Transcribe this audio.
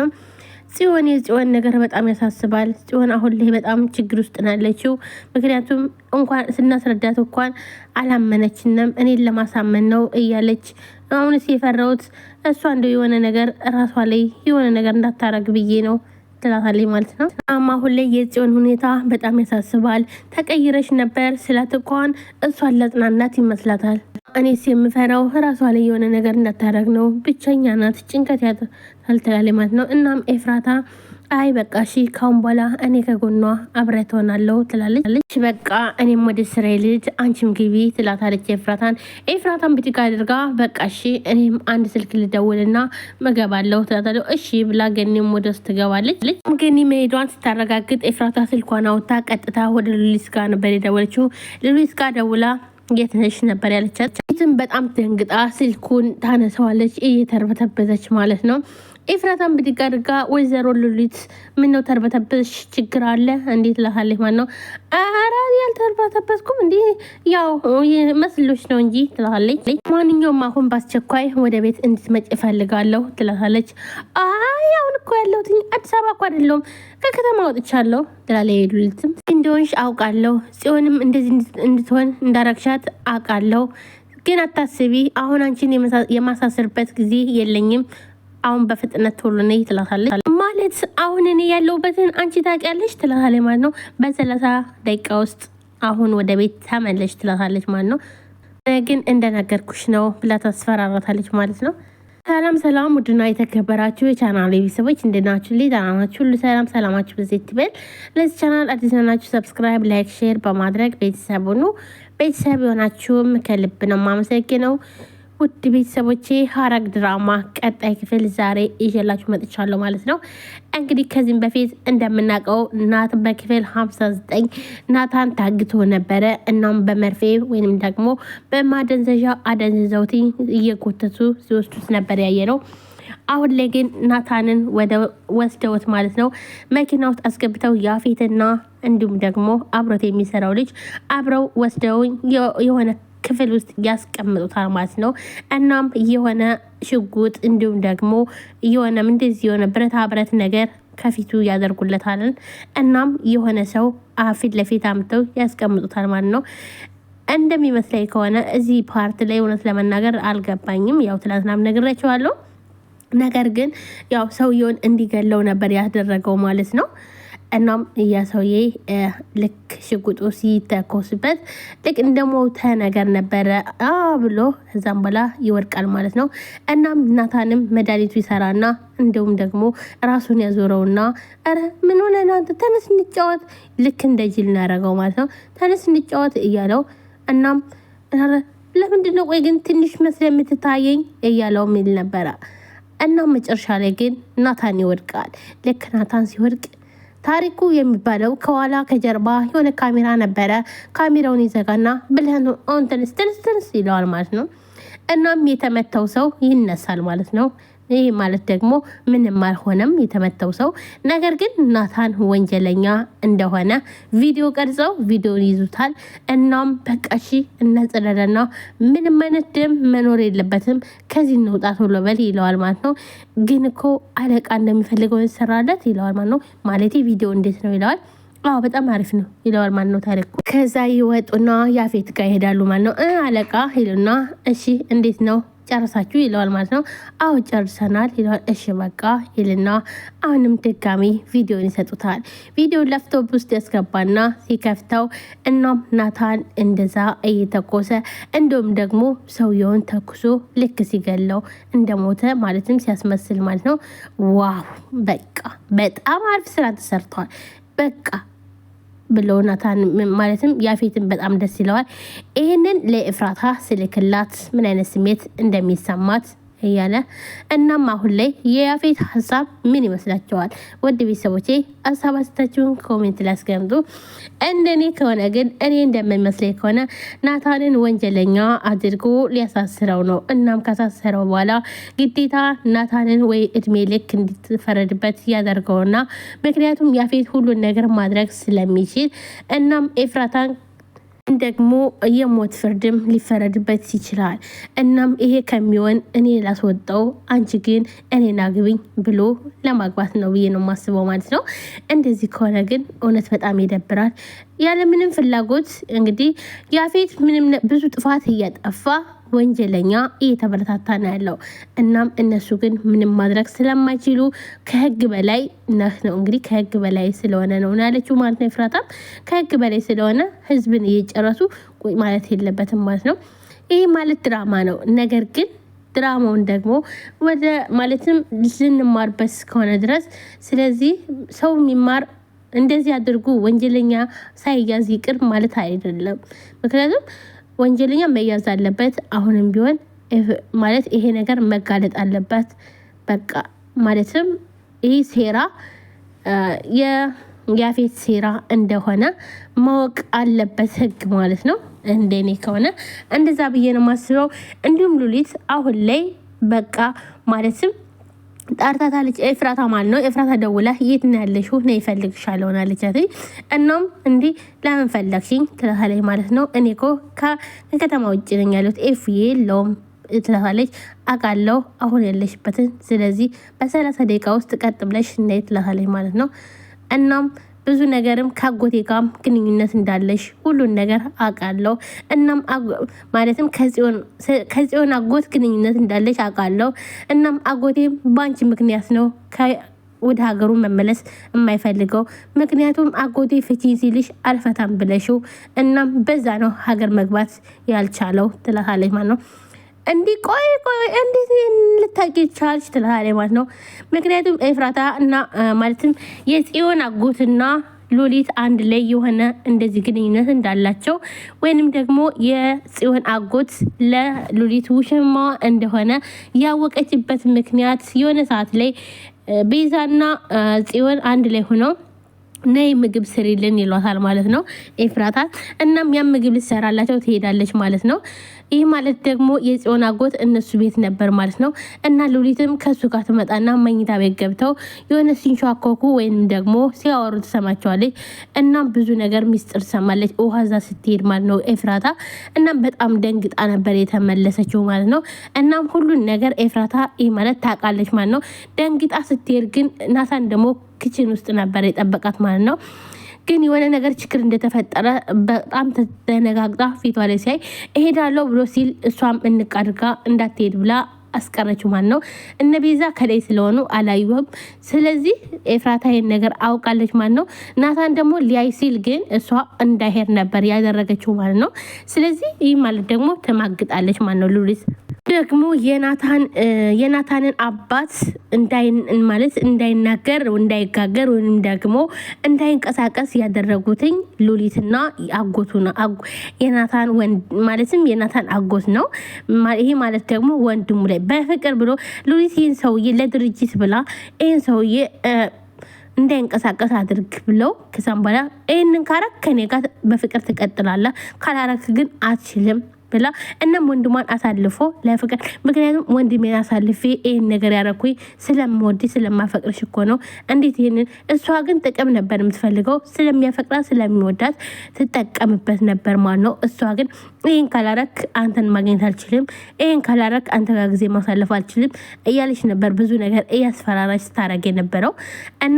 ነው። ጽዮን የጽዮን ነገር በጣም ያሳስባል። ጽዮን አሁን ላይ በጣም ችግር ውስጥ ናለችው። ምክንያቱም እንኳን ስናስረዳት እንኳን አላመነችንም። እኔን ለማሳመን ነው እያለች አሁንስ የፈራሁት እሷ እንደው የሆነ ነገር ራሷ ላይ የሆነ ነገር እንዳታረግ ብዬ ነው ትላታለች ማለት ነው። አማ አሁን ላይ የጽዮን ሁኔታ በጣም ያሳስባል። ተቀይረች ነበር ስላት እንኳን እሷን ለጽናናት ይመስላታል እኔስ የምፈራው ራሷ ላይ የሆነ ነገር እንዳታደረግ ነው። ብቸኛ ናት፣ ጭንቀት ያጣል ማለት ነው። እናም ኤፍራታ አይ በቃ እሺ፣ ካሁን በኋላ እኔ ከጎኗ አብረ ትሆናለሁ ትላለች። በቃ እኔም ወደ ስራ ልጅ አንቺም ግቢ ትላታለች ኤፍራታን። ኤፍራታን ብድግ አድርጋ በቃ እሺ፣ እኔም አንድ ስልክ ልደውልና መገባለሁ ትላታለሁ። እሺ ብላ ገኒም ወደ ውስጥ ትገባለች። ገኒ መሄዷን ስታረጋግጥ ኤፍራታ ስልኳን አውታ ቀጥታ ወደ ሉሊስ ጋር ነበር የደወለችው። ሉሊስ ጋር ደውላ የትነሽ ነበር ያለቻት። ይትም በጣም ደንግጣ ስልኩን ታነሰዋለች እየተርበተበተች ማለት ነው። ኤፍራታን ብድግ አድርጋ ወይዘሮ ሉሊት ምነው ተርበተበተች ችግር አለ እንዴት ላሃለች ማለት ነው አልተበተበትኩም እንዲ ያው መስሎች ነው እንጂ ትላለች። ማንኛውም አሁን በአስቸኳይ ወደ ቤት እንድትመጭ እፈልጋለሁ ትላለች። አይ አሁን እኮ ያለሁት አዲስ አበባ እኮ አይደለሁም ከከተማ ወጥቻለሁ ትላለ። የሄዱልትም እንደሆንሽ አውቃለሁ፣ ጽዮንም እንደዚህ እንድትሆን እንዳረግሻት አውቃለሁ። ግን አታስቢ፣ አሁን አንቺን የማሳስርበት ጊዜ የለኝም። አሁን በፍጥነት ቶሎ ነይ ትላታለች። ማለት አሁን እኔ ያለሁበትን አንቺ ታውቂያለሽ ትላታለች ማለት ነው በሰላሳ ደቂቃ ውስጥ አሁን ወደ ቤት ተመለሽ ትላታለች ማለት ነው። ግን እንደነገርኩሽ ነው ብላ ታስፈራራታለች ማለት ነው። ሰላም ሰላም፣ ውድና የተከበራችሁ የቻናል ቤተሰቦች እንደናችሁ ልጅ ናናችሁ ሁሉ ሰላም ሰላማችሁ ብዜት ትበል። ለዚህ ቻናል አዲስ ናችሁ ሰብስክራይብ፣ ላይክ፣ ሼር በማድረግ ቤተሰብ ሁኑ። ቤተሰብ የሆናችሁም ከልብ ነው ነው ውድ ቤተሰቦቼ ሐረግ ድራማ ቀጣይ ክፍል ዛሬ ይዤላችሁ መጥቻለሁ ማለት ነው። እንግዲህ ከዚህም በፊት እንደምናውቀው ናታን በክፍል 59 ናታን ታግቶ ነበረ። እናም በመርፌ ወይም ደግሞ በማደንዘዣ አደንዝዘውት እየጎተቱ ሲወስዱት ነበር ያየ ነው። አሁን ላይ ግን ናታንን ወስደውት ማለት ነው መኪና ውስጥ አስገብተው ያፌትና እንዲሁም ደግሞ አብሮት የሚሰራው ልጅ አብረው ወስደው የሆነ ክፍል ውስጥ ያስቀምጡታል ማለት ነው። እናም የሆነ ሽጉጥ እንዲሁም ደግሞ የሆነም እንደዚህ የሆነ ብረታ ብረት ነገር ከፊቱ ያደርጉለታልን። እናም የሆነ ሰው ፊት ለፊት አምተው ያስቀምጡታል ማለት ነው። እንደሚመስለኝ ከሆነ እዚህ ፓርት ላይ እውነት ለመናገር አልገባኝም። ያው ትላንትናም ነግሬያቸዋለሁ። ነገር ግን ያው ሰውየውን እንዲገለው ነበር ያደረገው ማለት ነው። እናም እያ ሰውዬ ልክ ሽጉጡ ሲተኮስበት ልክ እንደሞተ ነገር ነበረ ብሎ እዛም በላ ይወድቃል ማለት ነው። እናም ናታንም መድኃኒቱ ይሰራና እንዲሁም ደግሞ ራሱን ያዞረውና ረ ምን ሆነ ናንተ ተነስ እንጫወት፣ ልክ እንደ ጅል እናደረገው ማለት ነው። ተነስ እንጫወት እያለው እናም ለምንድን ነው ቆይ ግን ትንሽ መስለ የምትታየኝ እያለው ሚል ነበረ። እናም መጨረሻ ላይ ግን ናታን ይወድቃል። ልክ ናታን ሲወድቅ ታሪኩ የሚባለው ከኋላ ከጀርባ የሆነ ካሜራ ነበረ። ካሜራውን ይዘጋና ብልህን ኦንትንስ ይለዋል ማለት ነው። እናም የተመታው ሰው ይነሳል ማለት ነው። ይህ ማለት ደግሞ ምንም አልሆነም የተመተው ሰው። ነገር ግን ናታን ወንጀለኛ እንደሆነ ቪዲዮ ቀርጸው ቪዲዮን ይዙታል። እናም በቃሺ እነ ጽረረና ምንም አይነት ደም መኖር የለበትም ከዚህ እንውጣት ቶሎ በል ይለዋል ማለት ነው። ግን እኮ አለቃ እንደሚፈልገው እንሰራለት ይለዋል ማለት ነው። ማለት ቪዲዮ እንዴት ነው ይለዋል። አዎ በጣም አሪፍ ነው ይለዋል ማን ነው ታሪኩ። ከዛ ይወጡና ያፌት ጋር ይሄዳሉ ማን ነው። አለቃ ይሉና እሺ እንዴት ነው ጨርሳችሁ ይለዋል ማለት ነው። አዎ ጨርሰናል ይለዋል። እሺ በቃ ይልና አሁንም ድጋሚ ቪዲዮን ይሰጡታል። ቪዲዮን ላፕቶፕ ውስጥ ያስገባና ሲከፍተው እናም ናታን እንደዛ እየተኮሰ እንዲሁም ደግሞ ሰውየውን ተኩሶ ልክ ሲገለው እንደሞተ ማለትም ሲያስመስል ማለት ነው። ዋው በቃ በጣም አሪፍ ስራ ተሰርቷል። በቃ ብሎ ናታን ማለትም ያፌትን በጣም ደስ ይለዋል። ይህንን ለኤፍራታ ስልክላት ምን አይነት ስሜት እንደሚሰማት እያለ እናም አሁን ላይ የያፌት ሀሳብ ምን ይመስላቸዋል? ወድ ቤተሰቦቼ ሀሳብ አስተያየታችሁን ኮሜንት ላይ እንደኔ ከሆነ ግን እኔ እንደምመስለኝ ከሆነ ናታንን ወንጀለኛ አድርጎ ሊያሳስረው ነው። እናም ካሳሰረው በኋላ ግዴታ ናታንን ወይ እድሜ ልክ እንድትፈረድበት ያደርገውና ምክንያቱም ያፌት ሁሉን ነገር ማድረግ ስለሚችል እናም ኤፍራታን ደግሞ የሞት ፍርድም ሊፈረድበት ይችላል። እናም ይሄ ከሚሆን እኔ ላስወጣው፣ አንቺ ግን እኔን አግብኝ ብሎ ለማግባት ነው ብዬ ነው የማስበው ማለት ነው። እንደዚህ ከሆነ ግን እውነት በጣም ይደብራል። ያለምንም ፍላጎት እንግዲህ ያፌት ምንም ብዙ ጥፋት እያጠፋ ወንጀለኛ እየተበረታታ ነው ያለው። እናም እነሱ ግን ምንም ማድረግ ስለማይችሉ ከህግ በላይ ነህ ነው እንግዲህ ከህግ በላይ ስለሆነ ነው ያለችው ማለት ነው። ኤፍራታም ከህግ በላይ ስለሆነ ህዝብን እየጨረሱ ቁጭ ማለት የለበትም ማለት ነው። ይህ ማለት ድራማ ነው። ነገር ግን ድራማውን ደግሞ ወደ ማለትም ልንማርበት እስከሆነ ድረስ ስለዚህ ሰው የሚማር እንደዚህ አድርጉ ወንጀለኛ ሳይያዝ ይቅር ማለት አይደለም። ምክንያቱም ወንጀለኛ መያዝ አለበት። አሁንም ቢሆን ማለት ይሄ ነገር መጋለጥ አለበት። በቃ ማለትም ይህ ሴራ የያፌት ሴራ እንደሆነ ማወቅ አለበት ህግ ማለት ነው። እንደኔ ከሆነ እንደዛ ብዬ ነው የማስበው። እንዲሁም ሉሊት አሁን ላይ በቃ ማለትም ጣርታታለች ኤፍራታ ማለት ነው። ኤፍራታ ደውላ የት ነው ያለሽው? ነይ እፈልግሻለሁ አለቻት። እናም እንዲህ ለምን ፈለግሽኝ ትላታለች ማለት ነው። እኔ እኮ ከከተማ ውጭ ነኝ ያሉት ኤፍ የለውም ትላታለች። አውቃለሁ አሁን ያለሽበትን፣ ስለዚህ በሰላሳ ደቂቃ ውስጥ ቀጥ ብለሽ እንዳይ ትላታለች ማለት ነው። እናም ብዙ ነገርም ከአጎቴ ጋርም ግንኙነት እንዳለሽ ሁሉን ነገር አውቃለሁ። እናም ማለትም ከጽዮን አጎት ግንኙነት እንዳለሽ አውቃለሁ። እናም አጎቴም በአንቺ ምክንያት ነው ወደ ሀገሩ መመለስ የማይፈልገው ምክንያቱም አጎቴ ፍቺ ሲልሽ አልፈታም ብለሽው እናም በዛ ነው ሀገር መግባት ያልቻለው ትላታለች ማለት ነው። እንዲህ ቆይ ቆይ እንዴት ልታቂ ቻልሽ ትልሃለች ማለት ነው። ምክንያቱም ኤፍራታ እና ማለትም የጽዮን አጎትና ሎሊት አንድ ላይ የሆነ እንደዚህ ግንኙነት እንዳላቸው ወይንም ደግሞ የጽዮን አጎት ለሎሊት ውሽማ እንደሆነ ያወቀችበት ምክንያት የሆነ ሰዓት ላይ ቤዛና ጽዮን አንድ ላይ ሆነው ነይ ምግብ ስሪልን ይሏታል ማለት ነው ኤፍራታ። እናም ያም ምግብ ልትሰራላቸው ትሄዳለች ማለት ነው። ይህ ማለት ደግሞ የጽዮን አጎት እነሱ ቤት ነበር ማለት ነው እና ሉሊትም ከሱ ጋር ትመጣና መኝታ ቤት ገብተው የሆነ ሲንሸዋኮኩ ወይም ደግሞ ሲያወሩ ትሰማቸዋለች። እናም ብዙ ነገር ሚስጥር ትሰማለች ውሃዛ ስትሄድ ማለት ነው ኤፍራታ። እናም በጣም ደንግጣ ነበር የተመለሰችው ማለት ነው። እናም ሁሉን ነገር ኤፍራታ ይህ ማለት ታውቃለች ማለት ነው። ደንግጣ ስትሄድ ግን ናታን ደግሞ ክችን ውስጥ ነበር የጠበቃት ማለት ነው። ግን የሆነ ነገር ችግር እንደተፈጠረ በጣም ተደነጋግጣ ፊቷ ላይ ሲያይ እሄዳለሁ ብሎ ሲል እሷም እንቃድርጋ እንዳትሄድ ብላ አስቀረች ማለት ነው። እነ ቤዛ ከላይ ስለሆኑ አላዩም። ስለዚህ ኤፍራታ ነገር አውቃለች ማለት ነው። ናታን ደግሞ ሊያይ ሲል ግን እሷ እንዳይሄድ ነበር ያደረገችው ማለት ነው። ስለዚህ ይህ ማለት ደግሞ ተማግጣለች ማለት ነው ሉሊት ደግሞ የናታንን አባት ማለት እንዳይናገር እንዳይጋገር ወይም ደግሞ እንዳይንቀሳቀስ ያደረጉትኝ ሉሊትና አጎቱ ነው። የናታን ማለትም የናታን አጎት ነው። ይሄ ማለት ደግሞ ወንድሙ ላይ በፍቅር ብሎ ሉሊት ይህን ሰውዬ ለድርጅት ብላ ይህን ሰውዬ እንዳይንቀሳቀስ አድርግ ብለው ከዛም በኋላ ይህንን ካረክ ከኔ ጋር በፍቅር ትቀጥላለህ፣ ካላረክ ግን አትችልም ብላ እናም ወንድሟን አሳልፎ ለፍቅር ምክንያቱም ወንድሜን አሳልፌ ይህን ነገር ያረኩኝ ስለምወድ ስለማፈቅርሽ እኮ ነው። እንዴት ይህንን እሷ ግን ጥቅም ነበር የምትፈልገው ስለሚያፈቅራት ስለሚወዳት ትጠቀምበት ነበር ማለት ነው። እሷ ግን ይህን ካላረክ አንተን ማግኘት አልችልም፣ ይህን ካላረክ አንተ ጋር ጊዜ ማሳለፍ አልችልም እያለች ነበር ብዙ ነገር እያስፈራራች ስታረግ የነበረው እና